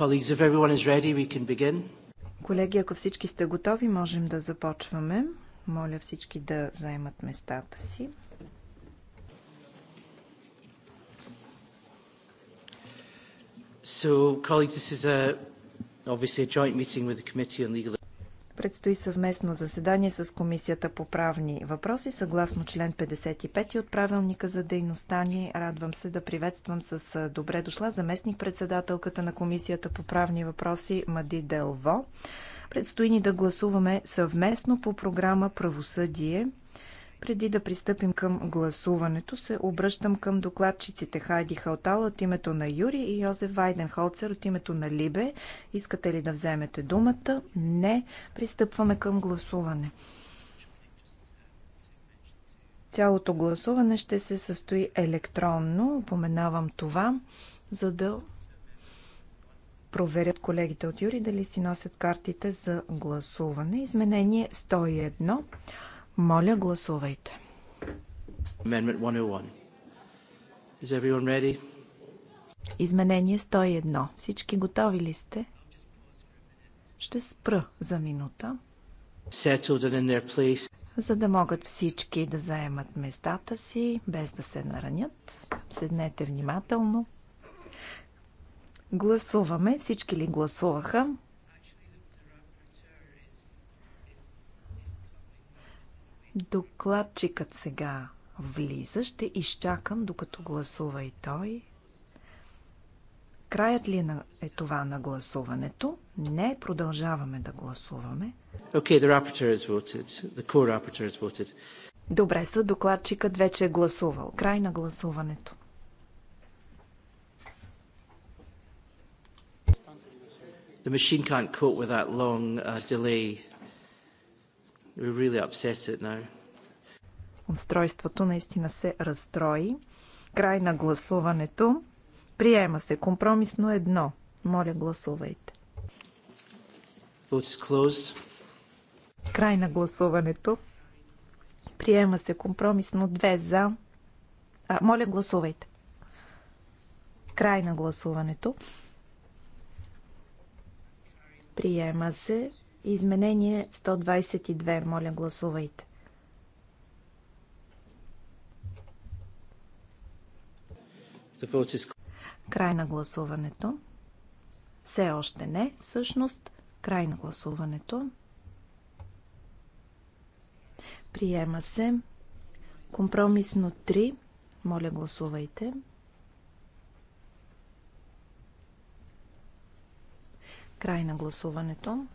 Colleagues, if everyone is ready, we can begin. Колеги, ако всички сте готови, можем да започваме. Моля всички да заемат местата си. So, colleagues, this is a, obviously a joint meeting with the Committee on Legal Предстои съвместно заседание с Комисията по правни въпроси, съгласно член 55 от правилника за дейността ни. Радвам се да приветствам с добре дошла заместник-председателката на Комисията по правни въпроси Мади Делво. Предстои ни да гласуваме съвместно по програма Правосъдие преди да пристъпим към гласуването, се обръщам към докладчиците Хайди Халтал от името на Юри и Йозеф Вайденхолцер от името на Либе. Искате ли да вземете думата? Не. Пристъпваме към гласуване. Цялото гласуване ще се състои електронно. Поменавам това, за да проверят колегите от Юри дали си носят картите за гласуване. Изменение 101. Моля, гласувайте. Oh Изменение 101. Всички готови ли сте? Ще спра за минута. За да могат всички да заемат местата си, без да се наранят. Седнете внимателно. Гласуваме. Всички ли гласуваха? Докладчикът сега влиза. Ще изчакам, докато гласува и той. Краят ли е, е това на гласуването? Не, продължаваме да гласуваме. Okay, the rapporteur has voted. The co-rapporteur has voted. Добре, са докладчикът вече е гласувал. Край на гласуването. The machine can't cope with that long uh, delay really upset now. Устройството наистина се разстрои. Край на гласуването. Приема се компромисно едно. Моля, гласувайте. Край на гласуването. Приема се компромисно две за. А, моля, гласувайте. Край на гласуването. Приема се Изменение 122. Моля, гласувайте. Край на гласуването. Все още не. Всъщност, край на гласуването. Приема се. Компромисно 3. Моля, гласувайте. Край на гласуването.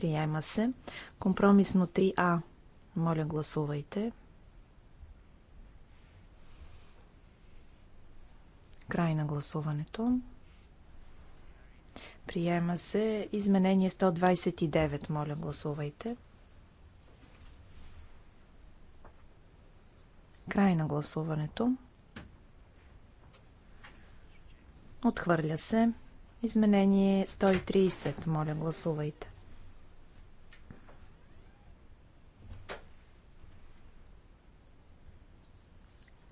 Приема се. Компромисно 3А. Моля, гласувайте. Край на гласуването. Приема се. Изменение 129. Моля, гласувайте. Край на гласуването. Отхвърля се. Изменение 130. Моля, гласувайте.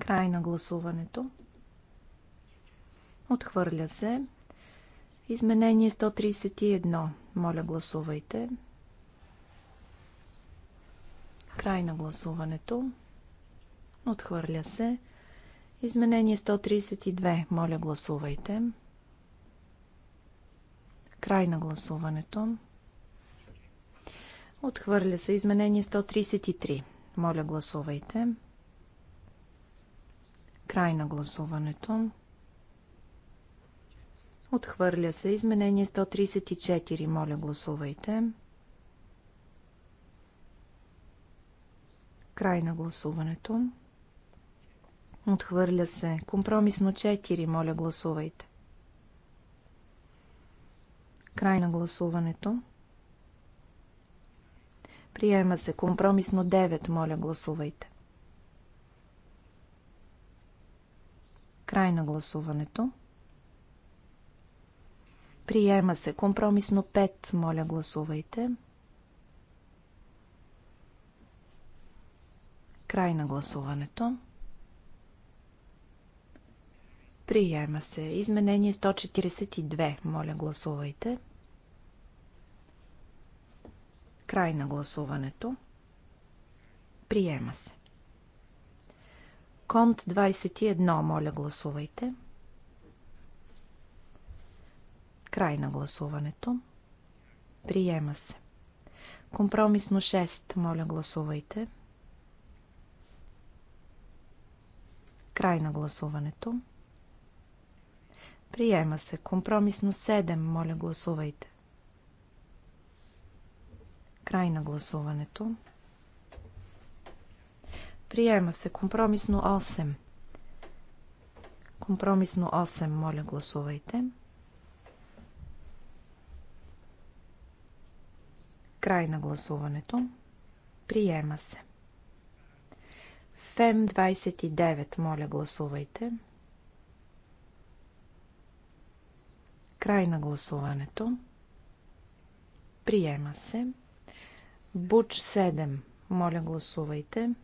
Край на гласуването. Отхвърля се. Изменение 131. Моля, гласувайте. Край на гласуването. Отхвърля се. Изменение 132. Моля, гласувайте. Край на гласуването. Отхвърля се. Изменение 133. Моля, гласувайте. Край на гласуването. Отхвърля се изменение 134. Моля, гласувайте. Край на гласуването. Отхвърля се. Компромисно 4. Моля, гласувайте. Край на гласуването. Приема се. Компромисно 9. Моля, гласувайте. Край на гласуването. Приема се. Компромисно 5. Моля, гласувайте. Край на гласуването. Приема се. Изменение 142. Моля, гласувайте. Край на гласуването. Приема се. Конт 21, моля гласувайте. Край на гласуването. Приема се. Компромисно 6, моля гласувайте. Край на гласуването. Приема се. Компромисно 7, моля гласувайте. Край на гласуването. Приема се компромисно 8. Компромисно 8, моля гласувайте. Край на гласуването. Приема се. ФЕМ 29, моля гласувайте. Край на гласуването. Приема се. Буч 7, моля гласувайте.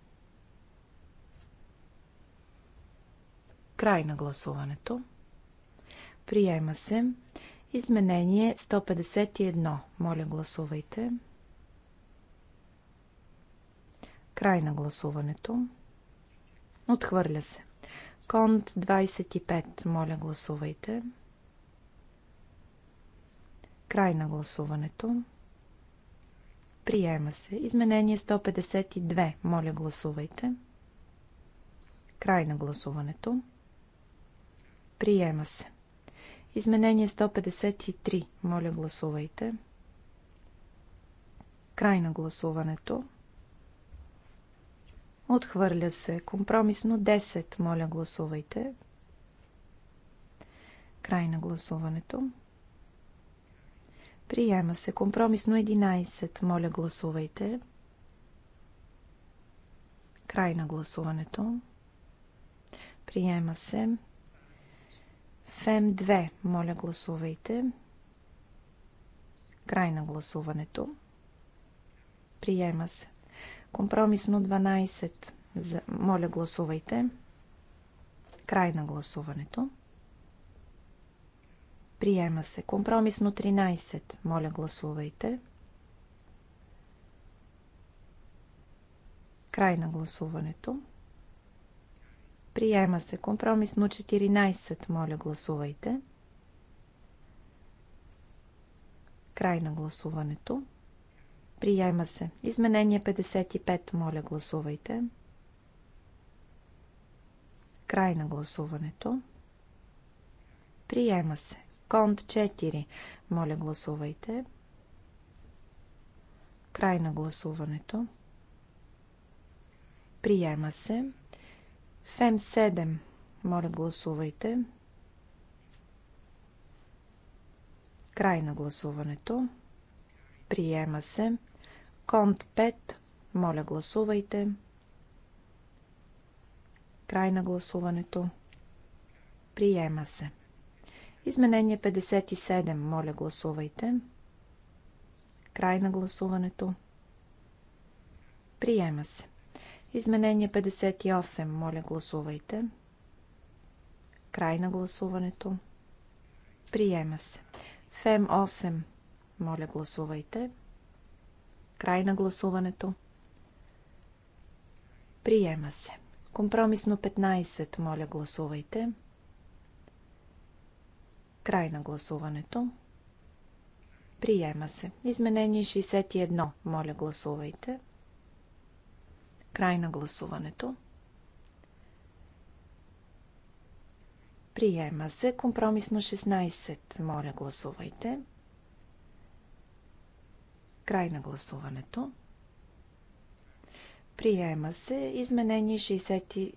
Край на гласуването. Приема се. Изменение 151. Моля, гласувайте. Край на гласуването. Отхвърля се. Конт 25. Моля, гласувайте. Край на гласуването. Приема се. Изменение 152. Моля, гласувайте. Край на гласуването. Приема се. Изменение 153. Моля, гласувайте. Край на гласуването. Отхвърля се. Компромисно 10. Моля, гласувайте. Край на гласуването. Приема се. Компромисно 11. Моля, гласувайте. Край на гласуването. Приема се. ФЕМ2. Моля, гласувайте. Край на гласуването. Приема се. Компромисно 12. За... Моля, гласувайте. Край на гласуването. Приема се. Компромисно 13. Моля, гласувайте. Край на гласуването. Приема се компромисно 14. Моля, гласувайте. Край на гласуването. Приема се. Изменение 55. Моля, гласувайте. Край на гласуването. Приема се. Конт 4. Моля, гласувайте. Край на гласуването. Приема се. Фем7. Моля, гласувайте. Край на гласуването. Приема се. Конт 5. Моля, гласувайте. Край на гласуването. Приема се. Изменение 57. Моля, гласувайте. Край на гласуването. Приема се. Изменение 58. Моля, гласувайте. Край на гласуването. Приема се. ФЕМ 8. Моля, гласувайте. Край на гласуването. Приема се. Компромисно 15. Моля, гласувайте. Край на гласуването. Приема се. Изменение 61. Моля, гласувайте. Край на гласуването. Приема се компромисно 16. Моля, гласувайте. Край на гласуването. Приема се изменение 67.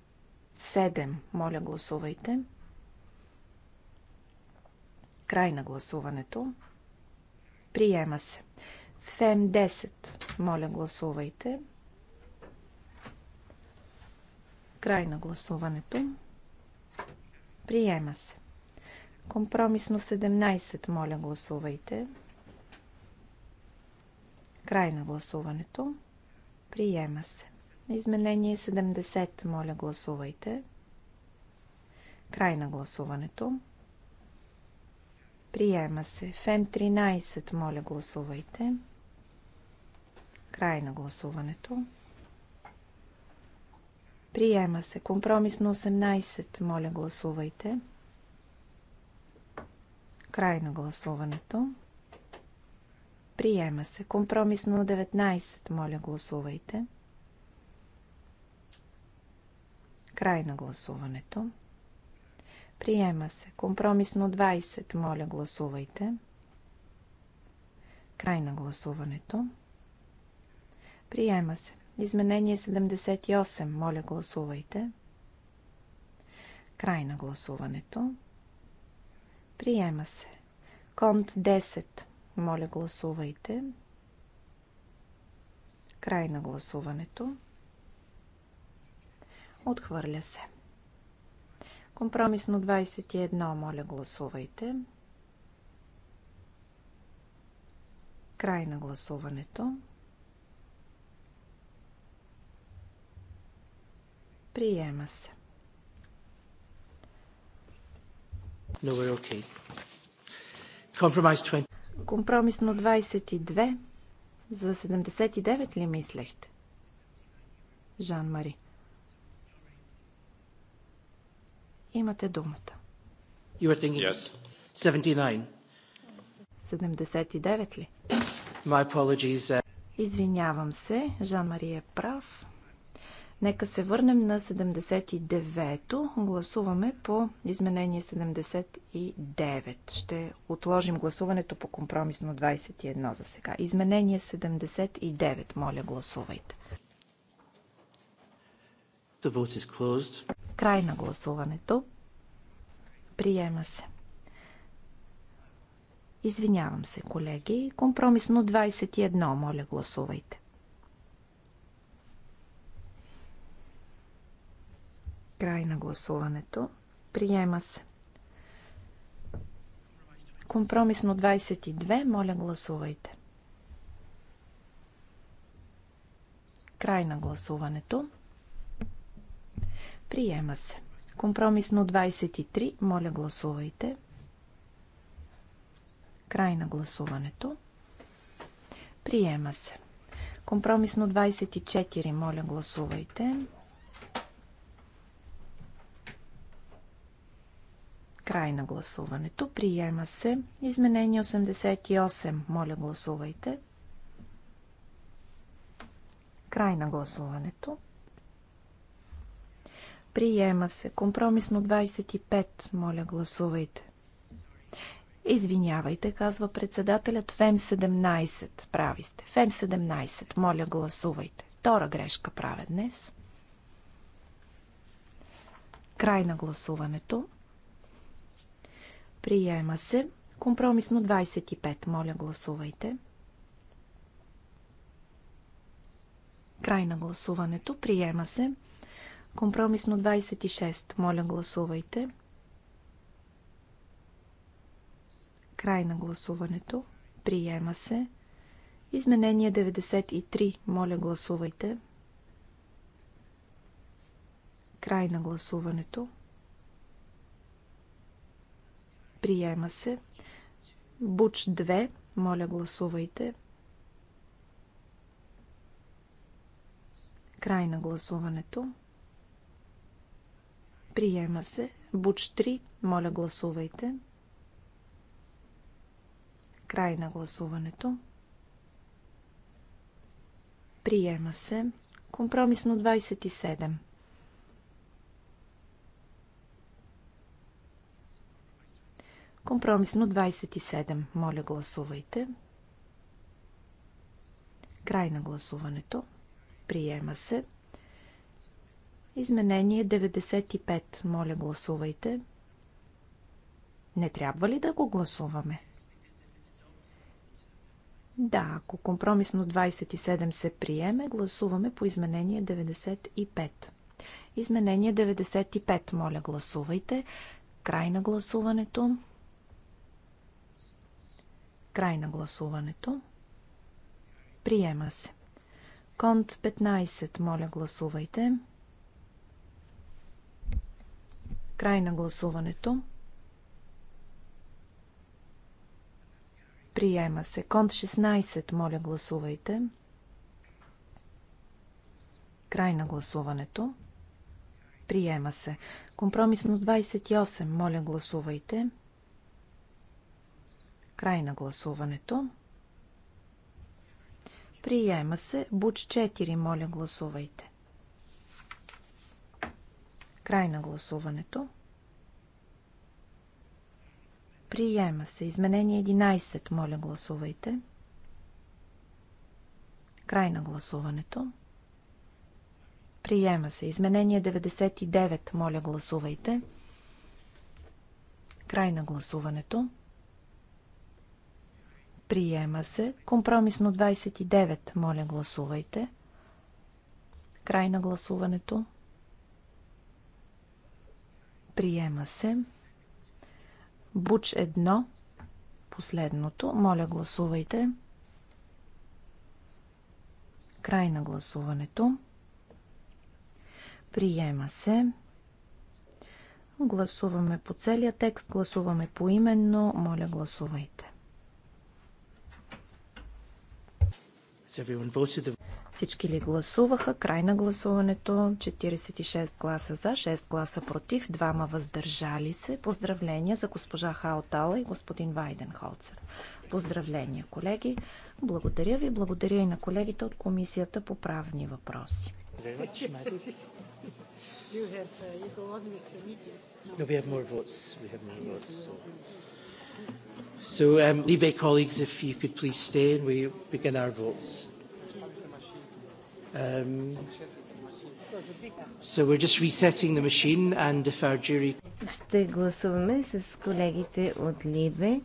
Моля, гласувайте. Край на гласуването. Приема се. ФЕМ 10. Моля, гласувайте. Край на гласуването. Приема се. Компромисно 17, моля гласувайте. Край на гласуването. Приема се. Изменение 70, моля гласувайте. Край на гласуването. Приема се. ФЕМ 13, моля гласувайте. Край на гласуването. Приема се. Компромисно 18. Моля, гласувайте. Край на гласуването. Приема се. Компромисно 19. Моля, гласувайте. Край на гласуването. Приема се. Компромисно 20. Моля, гласувайте. Край на гласуването. Приема се. Изменение 78. Моля, гласувайте. Край на гласуването. Приема се. Конт 10. Моля, гласувайте. Край на гласуването. Отхвърля се. Компромисно 21. Моля, гласувайте. Край на гласуването. Приема се. No, we're Компромисно 22. За 79 ли мислехте? Жан-Мари. Имате думата. You are thinking yes. 79. 79 ли? My apologies. Uh, Извинявам се, Жан-Мари е прав. Нека се върнем на 79-то. Гласуваме по изменение 79. Ще отложим гласуването по компромисно 21 за сега. Изменение 79. Моля, гласувайте. The vote is closed. Край на гласуването. Приема се. Извинявам се, колеги. Компромисно 21. Моля, гласувайте. Край на гласуването. Приема се. Компромисно 22. Моля, гласувайте. Край на гласуването. Приема се. Компромисно 23. Моля, гласувайте. Край на гласуването. Приема се. Компромисно 24. Моля, гласувайте. Край на гласуването. Приема се. Изменение 88. Моля, гласувайте. Край на гласуването. Приема се. Компромисно 25. Моля, гласувайте. Извинявайте, казва председателят. ФЕМ 17. Прави сте. ФЕМ 17. Моля, гласувайте. Втора грешка правя днес. Край на гласуването. Приема се. Компромисно 25. Моля, гласувайте. Край на гласуването. Приема се. Компромисно 26. Моля, гласувайте. Край на гласуването. Приема се. Изменение 93. Моля, гласувайте. Край на гласуването. Приема се. Буч 2. Моля, гласувайте. Край на гласуването. Приема се. Буч 3. Моля, гласувайте. Край на гласуването. Приема се. Компромисно 27. Компромисно 27. Моля, гласувайте. Край на гласуването. Приема се. Изменение 95. Моля, гласувайте. Не трябва ли да го гласуваме? Да, ако компромисно 27 се приеме, гласуваме по изменение 95. Изменение 95, моля гласувайте. Край на гласуването. Край на гласуването. Приема се. Конт 15. Моля, гласувайте. Край на гласуването. Приема се. Конт 16. Моля, гласувайте. Край на гласуването. Приема се. Компромисно 28. Моля, гласувайте. Край на гласуването. Приема се. Буч 4. Моля, гласувайте. Край на гласуването. Приема се. Изменение 11. Моля, гласувайте. Край на гласуването. Приема се. Изменение 99. Моля, гласувайте. Край на гласуването. Приема се. Компромисно 29. Моля, гласувайте. Край на гласуването. Приема се. Буч 1. Последното. Моля, гласувайте. Край на гласуването. Приема се. Гласуваме по целия текст, гласуваме поименно. Моля, гласувайте. Всички ли гласуваха? Край на гласуването. 46 гласа за, 6 гласа против, 2 въздържали се. Поздравления за госпожа Хаотала и господин Вайденхолцер. Поздравления, колеги. Благодаря ви. Благодаря и на колегите от Комисията по правни въпроси. Uh, no, we have more votes. We have more votes. So. So, um, Libe colleagues, if you could please stay and we begin our votes. Um, so we're just resetting the machine and if our jury... Ще гласуваме с колегите от Либе.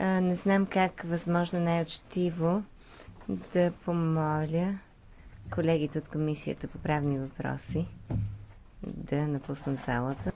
не знам как възможно най очетиво да помоля колегите от Комисията по правни въпроси да напуснат залата.